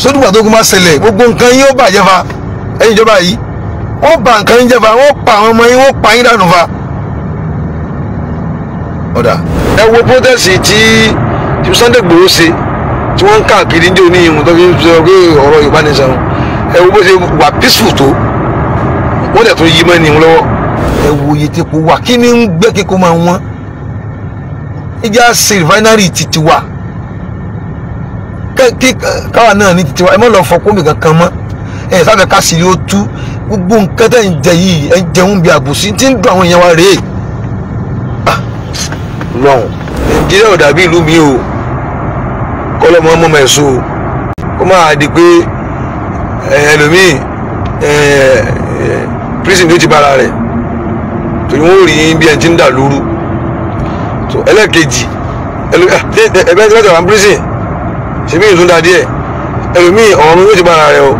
sódùgbà tó kún bá ṣẹlẹ̀ gbogbo nǹkan yín ó bàjẹ́ fa ẹ̀yin ìjọba yìí wọ́n bà nǹkan yín jẹ́ fa wọ́n pa àwọn ọmọ yín wọ́n pa yín dànù fa. ọ̀dà ẹ wo protest tí Sunday Igboho ṣe tí wọ́n ń káàkiri ní òní ìhun tó fi ń sọ pé ọ̀rọ̀ Yorùbá ní sẹ́wọ̀n ẹ wo bó ṣe wà peaceful tó wọ́n dẹ̀ tó yí mọ́ ẹni lọ́wọ́. ẹ wo iye tí kò wà kí ni ń gbé kíkó máa wọ́n ìjà ṣe refinery titi kí káwa náà ní tiwa ẹ mọ̀ lọ fọkún mi kankan mọ́ ẹ sáfẹ́ ká sì rí ó tú gbogbo nǹkan tẹ̀ ń jẹ yìí ẹ jẹun bí àbùsí tí ń dùn àwọn èèyàn wa rèé ah. lọ́hùn nàìjíríà ò dàbí ìlú mi o kọ́lọ́mọ ọmọ mẹ́sọ o kó máa di pé ẹlòmíì prison ló ti bára rẹ̀ tòun ó rí bí ẹni tí ń dà lóru ẹlẹ́ẹ̀kejì ẹlẹ́ẹ̀kejì ah, ẹ̀bẹ́ ti wà ní prison ṣèbí ìtún da díẹ̀ ẹlòmíì ọ̀run yóò ti bára rẹ o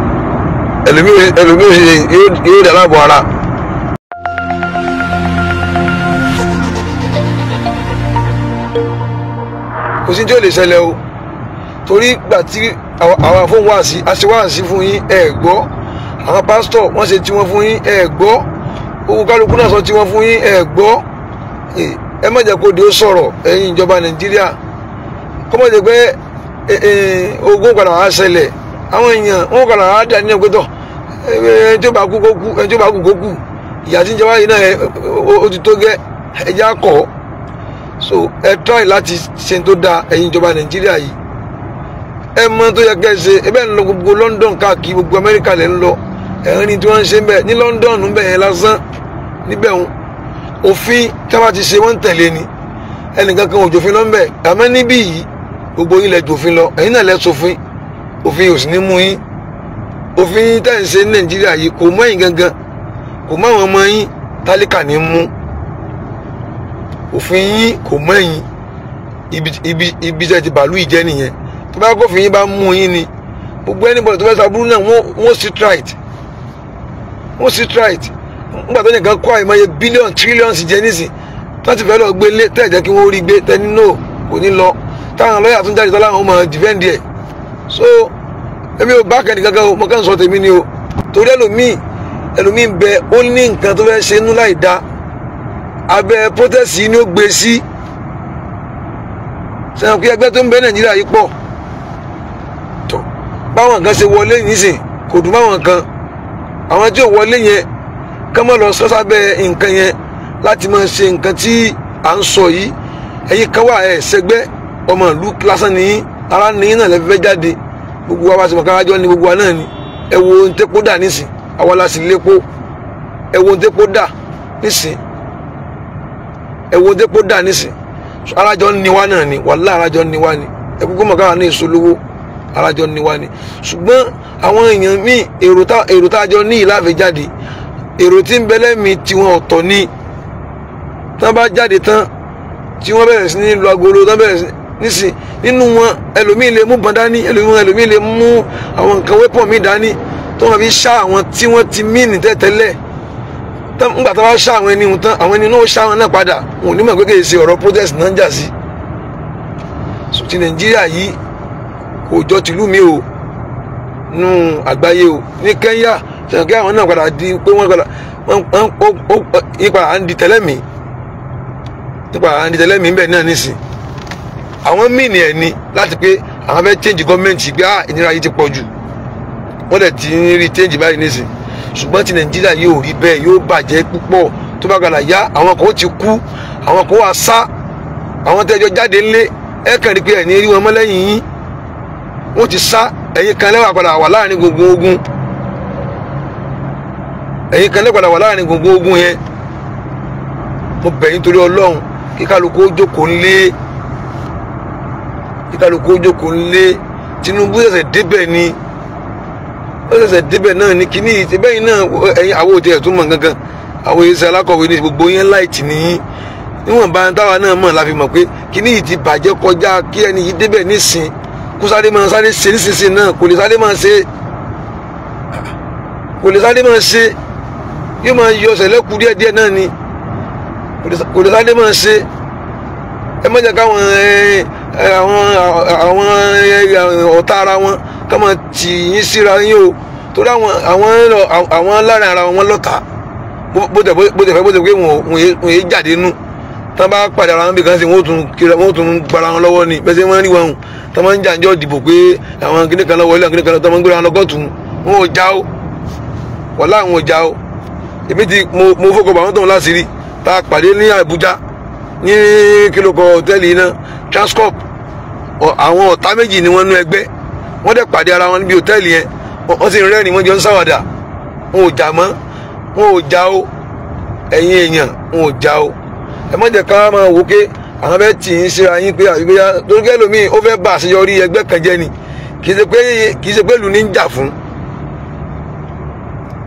ẹlòmíì yóò dà láàbò ara. kò sí tí ó lè ṣẹlẹ̀ o torí gbà tí àwọn fóun wá sí aṣíwáàsí fún yín ẹ gbọ́ àwọn pásítọ̀ wọ́n ṣe tiwọn fún yín ẹ gbọ́ owó kálukú náà sọ tiwọn fún yín ẹ gbọ́ ẹ má jẹ́ kó de ó sọ̀rọ̀ ẹ̀yin ìjọba Nàìjíríà kọ́mọ̀jẹ̀ pé Eh, eh, ogun gbàdàn á ṣẹlẹ̀ àwọn èèyàn wọn gbàdàn á dà nínú ẹgbẹ́tọ̀ ẹjọ́ ya kú kó kú ẹjọ́ bá kú kó kú ìyá tí o eh, ti tó so ẹ try láti ṣe tó da ẹ̀yin ìjọba London káàkiri gbogbo Amẹ́ríkà lẹ́ ń lọ ẹ̀rín tí wọ́n ń ṣe ń bẹ̀ ní London ti ni gbogbo yín lẹ jòfin lọ ẹ̀yin náà lẹ ṣòfin òfin ò sì ní mú yín òfin tẹ̀ ń ṣe ní nàìjíríà yìí kò mọ́ yín gangan kò mọ́ àwọn ọmọ yín tálíkà ní mú òfin yín kò mọ́ yín ibi ibi tẹ̀ ti bàálù ìjẹ́ nìyẹn tó bá kó òfin yín bá mú yín ni gbogbo anybody tó fẹ́ sábúrú náà wọ́n sì trite wọ́n sì trite nígbà tó nìkan kọ́ àìmọye bílíọ̀nù tírílíọ̀nù sì jẹ́ nísìn tó ti fẹ́ lọ gbé lé tẹ̀ jẹ́ kí wọ́n rí gbé tẹ́ni náà kò ní lọ táwọn lọ́yà tún jáde tọ́láwọn ó máa ẹ̀ so èmi ò bá kẹ́ni kankan o mo kàn sọ tèmi ni o torí ẹlòmíì ẹlòmíì ń bẹ ó ní nǹkan tó fẹ́ ṣe inú láì da abẹ́ protest yìí ni ó gbé sí sẹ́wọ̀n kí ẹgbẹ́ tó ń bẹ nàìjíríà yìí pọ̀ tó báwọn nǹkan ṣe wọlé nísìn kò dùn báwọn nǹkan àwọn tí ò wọlé yẹn kán mọ́ lọ sọ́sábẹ́ nǹkan yẹn láti máa ṣe nǹkan tí à ń sọ yìí ẹ̀yin kan wà ẹ̀ sẹ́gbẹ́ ọmọ ìlú lásán nìyí ara nìyí náà lẹ́fẹ́ jáde gbogbo wa bá ti mọ̀ kárájọ́ ni gbogbo wa náà ni ẹ wo ohun tẹ́pó dà nísìn àwa la sì lépo ẹ wo ohun tẹ́pó dà nísìn ẹ wo ohun tẹ́pó dà nísìn arájọ́ ni wa náà ni wàhálà arájọ́ ni wa ni ẹ gbogbo mọ̀ kára ní èso lówó arájọ́ ni ṣùgbọ́n àwọn èèyàn míì èrò tá a jọ ní ìlàfẹ́ jáde èrò tí ń bẹ́lẹ́ mi tiwọn ọ̀tọ̀ ni tán bá jáde tán tí wọ́n bẹ̀rẹ̀ sí ní lu agolo tán bẹ̀rẹ̀ sí ní Nisi nínú wọn ẹlòmíì lè mú bọn dání ẹlòmíì lè mú àwọn nǹkan wépọ̀ míì dání tó wọn fi ṣá àwọn tí wọ́n ti mìíní tẹ́tẹ́lẹ̀ nígbà tó bá ṣá àwọn ẹni tán àwọn ẹni náà ṣá àwọn náà padà wọn ò ní mọ̀ pé kèé ṣe ọ̀rọ̀ protest náà ń jà sí. sùn ti nàìjíríà yìí kò jọ tìlú mi o nù àgbáyé o ní kẹ́ńyà sọ̀rọ̀ kí àwọn náà padà di pé wọ́n padà wọ́n ó yípa à ń di tẹ́lẹ̀ mi nípa à ń di tẹ́lẹ̀ mi ń bẹ̀ náà nísìnyí àwọn mìíní ẹ̀ ni láti pé àwọn fẹ́ change gọ́ọ̀mẹ̀ntì pé ah ìnira yìí ti pọ̀ jù wọ́n dẹ̀ ti ń rí change báyìí nísìn ṣùgbọ́n ti nàìjíríà yóò rí bẹ́ẹ̀ yóò bàjẹ́ púpọ̀ tó bá gbàdá yá àwọn kan ó ti kú àwọn kan wà sá àwọn tẹ́jọ́ jáde ńlé ẹ kàn rí pé ẹ̀ ní rí wọn mọ́lẹ́yìn yín wọ́n ti sá ẹ̀yin kan lẹ́wà padà wà láàrin gbogbo ogun ẹ̀yin kan lẹ́wà padà wà láàrin gbogbo ogun yẹn mo bẹ̀ torí ọlọ́run kí ó jókòó ńlé kíkálukú ojókòó lé Tinubu ṣẹ̀ṣẹ̀ débẹ̀ ni ó ṣẹ̀ṣẹ̀ débẹ̀ náà ni kíní yìí bẹ́yìn náà ẹ̀yin àwọn òde ẹ̀tún mọ̀ gangan àwọn èyí ṣe alákọ̀wé ní gbogbo yẹn láìtì nìyí níwọ̀n bá táwa náà mọ̀ la fi mọ̀ pé kíní yìí ti bàjẹ́ kọjá kí ẹni yìí débẹ̀ nísìn kó sáré máa sáré ṣe nísinsìnyí náà kò lè sáré máa ṣe kò lè sáré máa ṣe yóò máa yọ ọ̀sẹ̀ lẹ́kùú díẹ̀díẹ̀ náà ni kò lè sáré máa ṣe ẹ má jẹ́ káwọn ẹ̀ẹ́ àwọn àwọn ọ̀tá ara wọn ká máa tì yín síra yín o torí àwọn àwọn àwọn láàrin ara wọn lọ́tà bó tẹ̀ fẹ́ bó tẹ̀ pé wọ́n yé jáde nù tán bá padà ara wọn bí kan sí wọn ò tún gbara wọn lọ́wọ́ ni bẹ́sẹ̀ wọn rí wọn tán máa ń jà ń jọ dìbò pé àwọn kìnìún kan lọ́wọ́ ilé àwọn kìnìún kan lọ́wọ́ tán máa ń gbéra wọn lọ́gọ́tún wọn ò já o wọ́n láwọn ò já o èmi ti mo fọkọ̀ bàwọn tó ń láṣìírí tá a pàdé ní Àbújá ní kílókọ̀ hòtẹ́ẹ̀lì náà transcorp àwọn ọ̀tá méjì ni wọ́n nú ẹgbẹ́ wọ́n dẹ̀ pàdé ara wọn níbi hòtẹ́ẹ̀lì yẹn wọ́n sì ń rẹ́rìn wọ́n jọ ń ṣàwàdà wọn ò jà mọ́ wọn ò jà o ẹ̀yin èèyàn wọn ò jà o ẹ má jẹ́ ká máa wò ó ké àwọn bẹ́ẹ̀ tì í ṣe ayín pé àbíbíyá torí kẹ́ lómi ó fẹ́ bá àṣeyọrí ẹgbẹ́ kan jẹ́ ni kì í ṣe pé kì í ṣe pé lù ní ń jà fún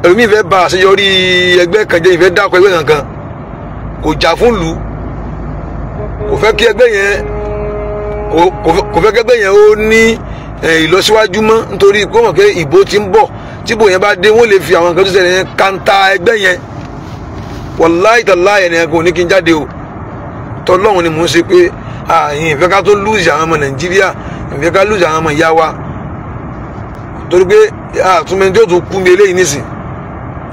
ẹlòmíì fẹ́ ba àṣeyọrí ẹgbẹ́ kan jẹ́ ìfẹ́ dákọ̀ ẹgbẹ́ kankan kò jà fún lù kò fẹ́ kí ẹgbẹ́ yẹn kò fẹ́ kẹ́gbẹ́ yẹn ó ní ìlọsíwájú mọ́ nítorí pé wọ́n kẹ́ ìbò ti ń bọ̀ tí ìbò yẹn bá dé wọ́n lè fi àwọn nǹkan tó ṣẹlẹ̀ yẹn kanta ẹgbẹ́ yẹn wàláì tàláì ẹnìyẹn kò ní kí n jáde o tọ́lọ́run ni mò ń ṣe pé àyìn ìfẹ́ ká tó lùzì àwọn ọmọ nàìjíríà ìfẹ́ ká lùzì àwọn ọmọ ìyá wa torí pé àtúnmẹ́ni tó tún kú mi eléyìí nísìn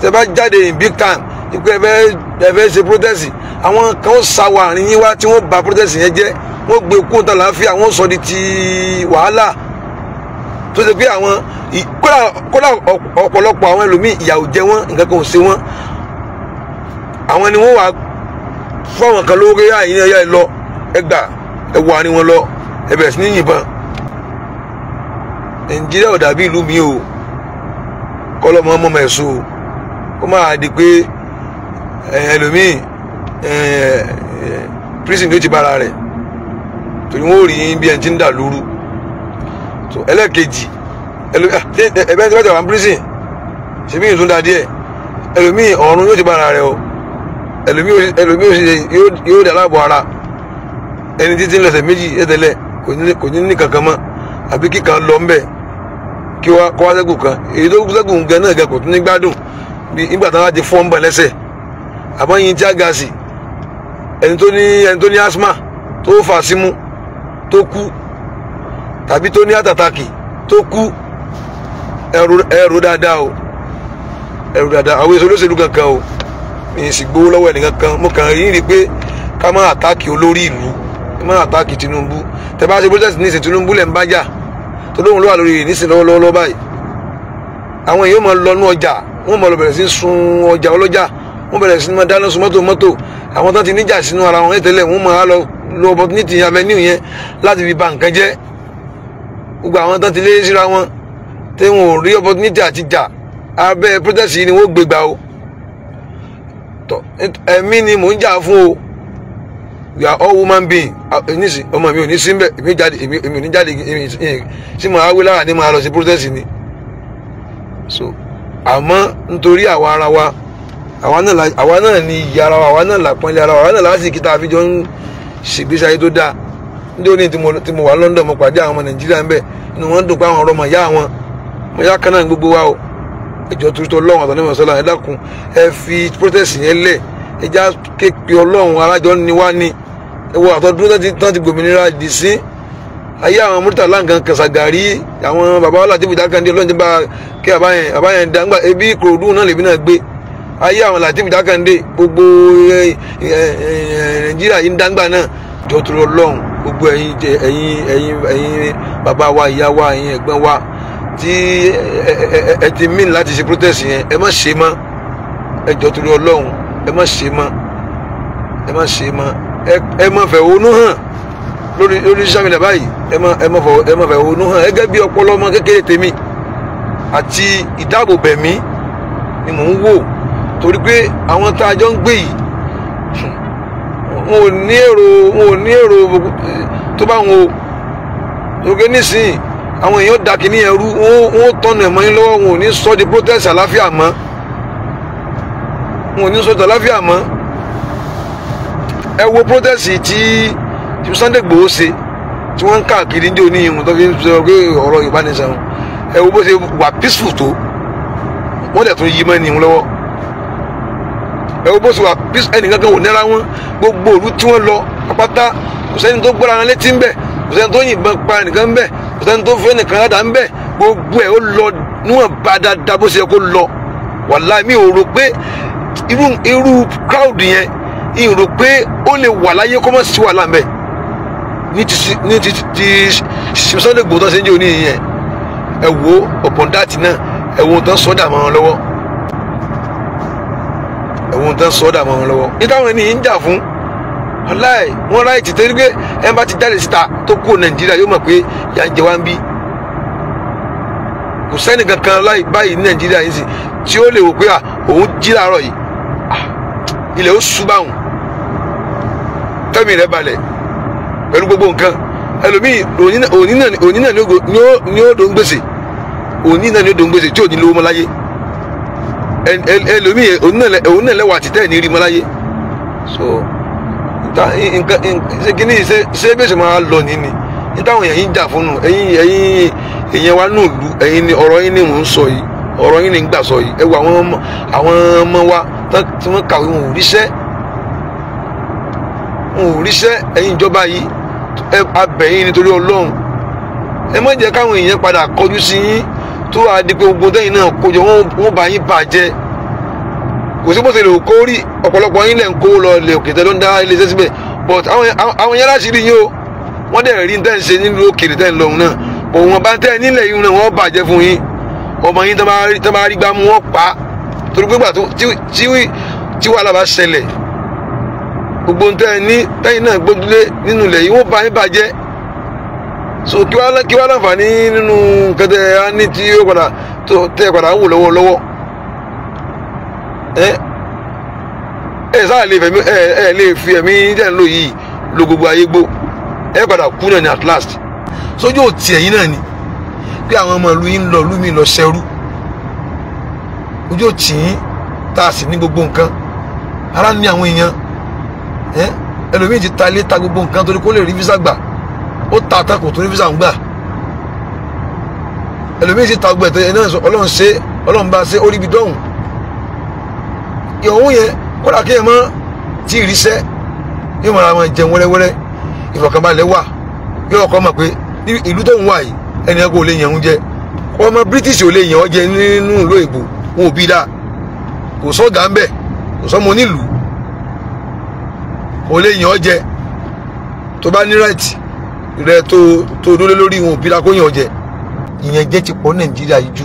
tẹ bá jáde in big time ìpè ẹ̀fẹ́ ṣe protest àwọn kan ó sa wà àárín yín wá tí wọ́n bà protest yẹn jẹ́ wọ́n gbé kú ọ̀tá làáfíà wọ́n sọ di ti wàhálà tó ṣe pé àwọn kódà ọ̀pọ̀lọpọ̀ àwọn ẹlòmíì ìyàwó jẹ wọ́n nǹkan kan ò ṣe wọ́n àwọn ni wọ́n wà fún àwọn kan lórí àyìn ẹ̀yà ẹ̀ lọ ẹgbà ẹ̀wọ̀ àárín wọn lọ ẹ̀bẹ̀rẹ̀ sí ní yìnbọn nàìjíríà ò dàbí ìlú mi o kọ́lọ́mọ́ mọ́mọ́ ẹ̀ so ó máa di pé Eh, ẹlòmíì eh, eh, prison ló ti bára rẹ̀ torí wọn ò rí bí ẹni tí ń dà lóru ẹlẹ́ẹ̀kejì ẹbẹ́ ah, tí wọ́n ti wà ní prison ṣèbí yìí tún da díẹ̀ ẹlòmíì ọ̀run yóò ti bára rẹ̀ o ẹlòmíì yóò dà láàbò ara ẹni títí ń lọ́sẹ̀ méjì ẹ̀tẹ̀lẹ̀ kò ní ní kankan mọ́ àbí kíkan lọ ń bẹ̀ kí wọ́n kọ́ wá sẹ́gùn kan èyí tó sẹ́gùn gan náà gan kò tún ní gbádùn nígbà táwọn ti fọ́ ń bọ̀ lẹ́sẹ̀ àmọ́ yín tí a ga sí ẹni tó ní ẹni tó ní asthma tó fà símú tó kú tàbí tó ní àtàtàkì tó kú ẹrù ẹrù dáadáa o ẹrù dáadáa àwọn èso olóṣèlú kankan o mi sì gbowó lọ́wọ́ ẹnìkan kan mo kàn yín rí i pé ká má àtàkì olórí ìlú ká má àtàkì Tinubu tẹ bá ṣe protest ní ìsìn Tinubu lẹ́ ń bá jà tó lóun ló lórí ìnísìn lọ́wọ́lọ́wọ́ báyìí àwọn èèyàn máa lọ ọjà wọ́n máa lọ bẹ̀rẹ̀ sí sun ọjà ọlọ́jà wọ́n bẹ̀rẹ̀ sí máa dáná sun mọ́tò mọ́tò àwọn tó ti níjà sínú ara wọn tẹ́lẹ̀ wọ́n máa lọ lo opportunity avenue yẹn láti fi ba nǹkan jẹ́ gbogbo àwọn tó ti lé síra wọn tí wọn ò rí opportunity àti jà abẹ́ protest yìí ni wọ́n gbégbá o ẹ̀mí ni mò ń jà fún o we are all woman being nísì ọmọ mi ò ní sí mbẹ èmi jáde èmi èmi ò ní jáde èmi sí mo awé lára ni mo lọ sí protest ni so àmọ́ nítorí àwa ara wa àwa náà ni ìyá ara wa àwa náà làpọ́nlé ara wa àwa náà lásìkí tá a fi jọ ń ṣègbésí ayé tó dáa nítorí tí mo wà London mo pàdé àwọn ọmọ Nàìjíríà ń bẹ inú wọn dùn pé àwọn ọ̀rọ̀ mọ̀ yá àwọn mo yá kan náà gbogbo wa o ìjọ tuntun Ọlọ́run àtọ́ nímọ̀ sọ́la ẹ dákun ẹ fi protest yẹn lẹ̀ ẹ já képe Ọlọ́run alájọ ni wá ni ẹ wo àtọ́dún tán ti gbòmìnira dì sí ayé àwọn Murtala nǹkan kẹsàgàrí àwọn baba wa láti ibùdó akandé Ọlọ́run ti bá kí àbáyẹn àbáyẹn dá ebi Ìkòròdú náà lèmi náà gbé ayé àwọn Lateef Dákàndé gbogbo Nàìjíríà yìí ń dáńgbà náà jọtúrọ lọ́hùn gbogbo ẹ̀yin ẹ̀yin ẹ̀yin ẹ̀yin bàbá wa ìyá wa ẹ̀yin ẹ̀gbọ́n wa tí ẹ ti mí láti ṣe protest yẹn ẹ má ṣe mọ́ ẹ jọtúrọ lọ́hùn ẹ má ṣe mọ́ ẹ má ṣe mọ́ ẹ má fẹ̀hónú hàn lórí lórí social media báyìí ẹ má ẹ má fọ ẹ má fẹ̀hónú hàn gẹ́gẹ́ bí ọpọlọ ọmọ kékeré tèmi àti ìdáàbòbẹ̀mí ni mò ń wò torí pé àwọn tá a jọ ń gbé yìí wọn ò ní èrò wọn ò ní èrò tó bá wọn o òkè nísìnyí àwọn èèyàn da kìíní yẹn wọn ò tọ́nu ẹ̀mọ́ yín lọ́wọ́ wọn ò ní sọ di protest àláfíà mọ́ wọn ò ní sọ di àláfíà mọ́ ẹ wo protest tí tí Sunday Igboho ṣe tí wọ́n ń káàkiri ní òní ìhun tó fi ń sọ pé ọ̀rọ̀ Yorùbá nìṣẹ́ wọn ẹ wo bó ṣe wà peaceful tó wọ́n dẹ̀ tún yí mọ́ ẹni ìhun lọ́wọ́ ẹ wo bó ṣe wà bí ẹnì kankan ò nẹ́ra wọn gbogbo òru tí wọ́n lọ pátá kò sẹ́ni tó gbọ́ra wọn létí ń bẹ̀ kò sẹ́ni tó yìnbọn pa nìkan ń bẹ̀ kò sẹ́ni tó fẹ́ nìkan ládàá ń bẹ̀ gbogbo ẹ̀ ó lọ níwọ̀n bá dáadáa bó ṣe yẹ kó lọ wàláì mi ò rò pé irú irú crowd yẹn mi ò rò pé ó lè wà láyé kó má sí wàhálà mẹ́ ní ti ní ti ti Sunday Igboho tó ṣe ń jẹ́ òní ẹ wo ọ̀pọ̀ dáàtì náà ẹ wo tó ń sọ́dà mọ́ wọn lọ́wọ́ ẹ̀wọ̀n tán sọ́dà mọ́ wọn lọ́wọ́ nítawọn ènìyàn ń jà fún ọláì wọn ráì tètè rí pé ẹn bá ti jáde síta tó kú nàìjíríà yóò mọ̀ pé yà ń jẹ wá ń bí kò sẹ́ni kankan láì báyìí ní nàìjíríà yìí sì tí ó lè wò pé òun jí làárọ̀ yìí ilẹ̀ ó ṣú báwọn tẹ́mi rẹ̀ balẹ̀ pẹ̀lú gbogbo nǹkan ẹlòmíì òní náà ni ó dòun gbèsè òní náà ni ó dòun gbèsè tí ò ní lówó mọ́ láyé ẹlòmíì òun náà lẹ́wà títẹ̀ ní rímọ́ láyé so ṣé kí ni ṣé bí èsì máa lọ ní ni ní táwọn èèyàn yìí ń jà fún nù ẹ̀yin ẹ̀yin èèyàn wa nù lù ẹ̀yin ni ọ̀rọ̀ yín ni mò ń sọ yìí ọ̀rọ̀ yín ni ń gbà sọ yìí ẹ wo àwọn ọmọ àwọn ọmọ wa tí wọ́n kàwé wọn ò ríṣẹ́ wọn ò ríṣẹ́ ẹ̀yin ìjọba yìí abẹ̀yìn nítorí Ọlọ́run ẹ má jẹ́ káwọn èèyàn padà kọjú sí yín tó àdìpé gbogbo dẹ́yìn náà kójọ wọ́n bá yín bàjẹ́ kò sí bó ṣe lè kó rí ọ̀pọ̀lọpọ̀ yín lẹ̀ ń kó lọ lè òkèèrè ló ń dá iléeṣẹ́ síbẹ̀ but àwọn yẹn láti rí yín o wọ́n dẹ̀ rí tẹ́ ń ṣe nílùú òkèèrè tẹ́ ń lọ́hùn náà bò wọ́n bá tẹ́ nílẹ̀ yín náà wọ́n bàjẹ́ fún yín ọmọ yín tán bá rí gbá mú wọ́n pa torí pé gbà tí wàhálà bá ṣẹlẹ̀ gbogbo tẹ́ ní tẹ́yìn náà gbójúlé nínú ilẹ̀ yìí wọ́n bá yín bàjẹ́ so kí wàá kí wàá láǹfààní nínú nǹkan tẹ á ní tí ó padà tó tẹ padà ń wò lọ́wọ́ lọ́wọ́ ẹ ẹ sáà lè fẹ̀mí ẹ ẹ lè fi ẹ̀mí jẹ́ ń lò yìí lo gbogbo ayé gbó ẹ padà kú náà ní at last sójú òtí ẹ̀yìn náà ni pé àwọn ọmọ ìlú yìí ń lọ lúmi lọ ṣẹrú ojú òtí yìí tá a sì ní gbogbo nǹkan ara ní àwọn èèyàn ẹ ẹlòmíì ti ta ilé ta gbogbo nǹkan torí kó lè rí físà gbà ó ta àtakò tó ní fisa ń gbà ẹlòmíì sì ta gbẹ tó yẹ náà ọlọ́run ṣe ọlọ́run bá ṣe ó rí ibi dọ́hùn ìhòòhùn yẹn kódà kéèyàn mọ́ tí ì ríṣẹ́ yóò máa wọn jẹun wẹ́rẹ́wẹ́rẹ́ ìfọ̀kànbalẹ̀ wà yóò kọ́ mọ̀ pé ìlú tó ń wà yìí ẹnì kan kò lè yẹn oúnjẹ ọmọ British ò lè yẹn oúnjẹ nínú ìlú èbò wọn ò bí dáa kò sọ́gà ń bẹ̀ kò sọ́mọ onílùú kò lè yẹn oúnjẹ tó bá ní right rẹ tó tó dúró lórí wọn òbí lakó yàn jẹ ìyẹn jẹ ti pọ̀ nàìjíríà yìí jù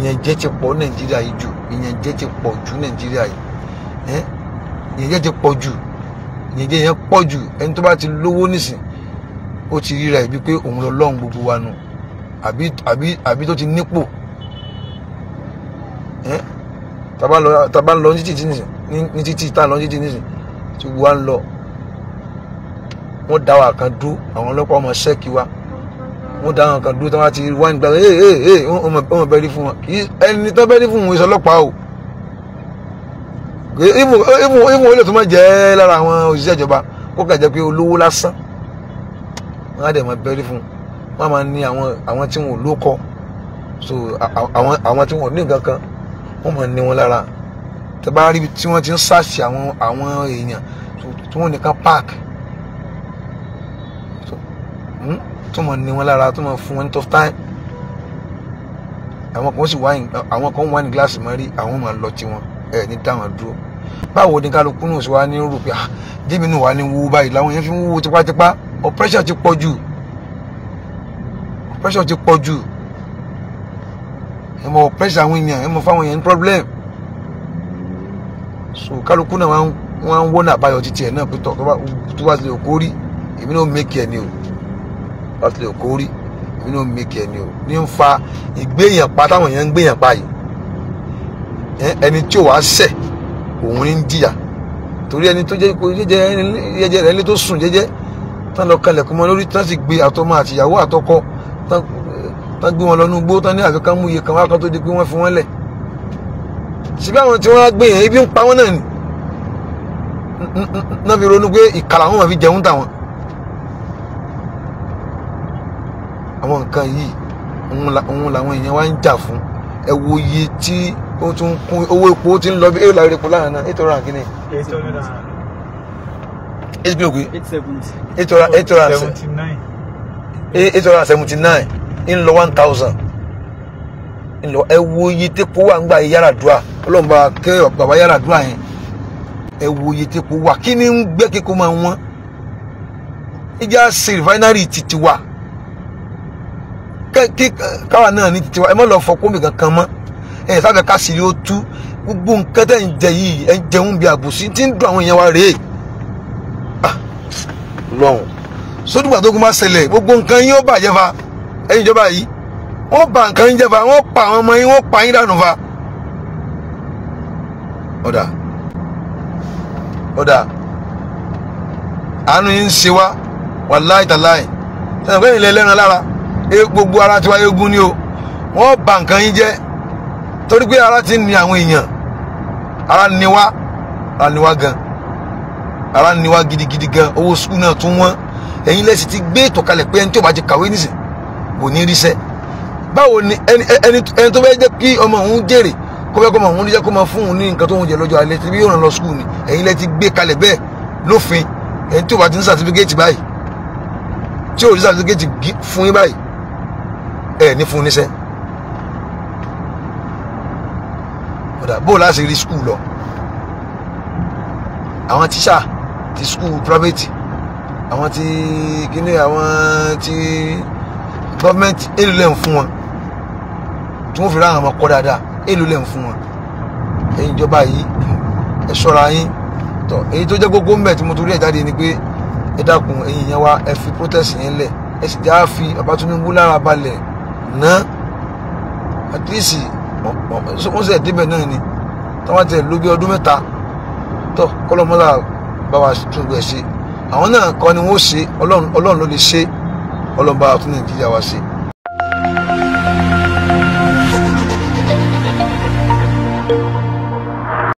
ìyẹn jẹ ti pọ̀ nàìjíríà yìí jù ìyẹn jẹ ti pọ̀ jù nàìjíríà yìí ẹ ìyẹn jẹ ti pọ̀ jù ìyẹn jẹ yẹn pọ̀ jù ẹni tó bá ti lówó nísìn ó ti ríra ẹ pé òun lọ lọ́hùn gbogbo wa nù àbí àbí àbí tó ti nípò tàbá ń lọ títì ní títì tá ń lọ títì nísìn tí wọ́n á lọ wọ́n dá wa kan dúró àwọn ọlọ́pàá ọmọ ṣẹ́ẹ̀kì wa wọ́n dá wa kan dúró tí wọ́n ti wá nígbà ẹ̀ ẹ̀ ẹ̀ ọmọ bẹ́rí fún wọn ẹni tó bẹ́rí fún wọn ìṣọlọ́pàá o ìmù olè tó máa jẹ́ lára àwọn òṣìṣẹ́ ìjọba kó kà jẹ́ pé olówó lásán wọ́n á dẹ̀ máa bẹ́rí fún wọn máa ní àwọn tí wọn ò lókọ so àwọn tí wọn ò ní nǹkan kan wọ́n máa ní wọn lára tẹ bá rí tí wọ́n ti ń ṣàṣì àwọn èèyàn tí wọ́n nìkan páàkì Hmm? tó mọ̀ ní wọn lára tó mọ̀ fún wọn tough time àwọn kan sì wá àwọn kan wá ní gíláàsì mọ́ rí àwọn máa lọ tiwọn ẹ̀ ní táwọn dúró báwo ni kálukú náà sì wá ní rò pé ah, jébì náà wà ní wúwo báyìí làwọn yẹn fi ń wúwo tipátipá oppression ti pọ̀ jù oppression ti pọ̀ jù ẹ mọ àwọn èèyàn ẹ fáwọn èèyàn ní problem so kálukú náà wọn ń wọ́n àbáyọ títí ẹ̀ náà pé tọ́ tó bá lè kórìí èmi náà mẹ́kì ẹ̀ ni o ọtí lè kó rí èmi náà mèkì ẹni o ní ń fa ìgbéyàn pa táwọn èèyàn ń gbéyàn pa yìí ẹni tí ò wá ṣẹ̀ òun ní ń jìyà torí ẹni tó jẹ́ ipò jẹ́jẹ́ jẹ́jẹ́ rẹ̀ lé tó sùn jẹ́jẹ́ tán lọ kalẹ̀kùn mọ́ lórí tán sì gbé àtọmọ àtìyàwó àtọkọ tán gbé wọn lọ́nu gbó tán ní àfikán mú iye kan wá kan tó di pé wọ́n fi wọ́n lẹ̀ síbí àwọn tí wọ́n á gbé yẹn ibi ń pa wọ́n náà ni náà fi ronú pé ìkàlà wọn fi jẹun tàwọn àwọn nǹkan yìí òun làwọn èèyàn wá ń jà fún ẹ wo iye tí ó tún kún owó epo ó ti ń lọ bí èrò àrèpo láàrin náà eight hundred and kìíní. eight hundred and eight kìíní òkè eight hundred eight hundred and seventy nine eight hundred and seventy nine ń lọ one thousand ń lọ ẹ wo iye tí epo wà ń gbà yàrá dùà ọlọ́run bá kẹ́ bàbá yàrá dùà yẹn ẹ wo iye tí epo wà kí ni ń gbé kíkó máa wọ́n ìjà ṣe rìfáínárì títí wà kí káwa náà ní tiwa ẹ mọ́ lọ fọkún mi kankan mọ́ ẹ sáfẹ́ káṣírí ó tú gbogbo nǹkan tẹ̀ ń jẹ yìí ẹ ń jẹun bí àbùsí tí ń dùn àwọn èèyàn wa rèé ah, lọ́hùn sódùgbà tó kún bá ṣẹlẹ̀ gbogbo nǹkan yín ó bàjẹ́ fa ẹ̀yin ìjọba yìí wọ́n bà nǹkan yín jẹ́ fa wọ́n pa àwọn ọmọ yín wọ́n pa yín dànù fa. ọ̀dà ọ̀dà àánú yín ń ṣe wá wàláì tàláì ṣàtúnkẹ́yìn lẹ́lẹ́ran lára. Eh, gbogbo ara tiwa eégún ni o wọ́n bà nǹkan yín jẹ́ torí pé ara ti ń ni àwọn èèyàn ara ni wá ara ni wá gan ara ni wá gidigidi gan owó sukùl náà tún wọ́n ẹ̀yin lẹ́sìn ti gbé ètò kalẹ̀ pé ẹni tó bá ti kàwé nísìn kò ní ríṣẹ́ báwo ni ẹni ẹni tó fẹ́ jẹ́ kí ọmọ òun jèrè kó fẹ́ kó ọmọ òun jẹ́ kó máa fún òun ní nǹkan tó ń jẹ lọ́jọ́ alẹ́ tí yóò ràn lọ sukùl ni ẹ̀yin lẹ́ ti gbé kalẹ̀ bẹ́ẹ̀ lófin ẹni tó bá ti ní sàtífíkẹ́tì báyìí tí ò rí sàtífíkẹ́tì fún yín báyìí ẹ ní fún níṣẹ́ kódà bó láti rí skul lọ àwọn tíṣà ti skul private àwọn ti kíní àwọn ti government èlò lẹ́ ń fún wọn tí wọ́n fi ra àwọn ọmọ kọ́ dáadáa èlò lẹ́ ń fún wọn ẹ̀yin ìjọba yìí ẹ ṣọ́ra yín tọ èyí tó jẹ́ gbogbo mbẹ tí mo torí ẹ̀ jáde ni pé ẹ dákun ẹ̀yin yẹn wá ẹ fi protest yẹn lẹ̀ ẹ sì já fi Bàbá Tinubu lára balẹ̀ ná at least wọ́n sì débẹ̀ náà ni táwọn ti lò bí ọdún mẹ́ta tó kọ́lọ́mọ́lá bá wa tún gbẹ̀ ṣe àwọn náà kọ́ ni wọ́n ṣe ọlọ́run ló lè ṣe ọlọ́run bá wa tún nàìjíríà wa ṣe.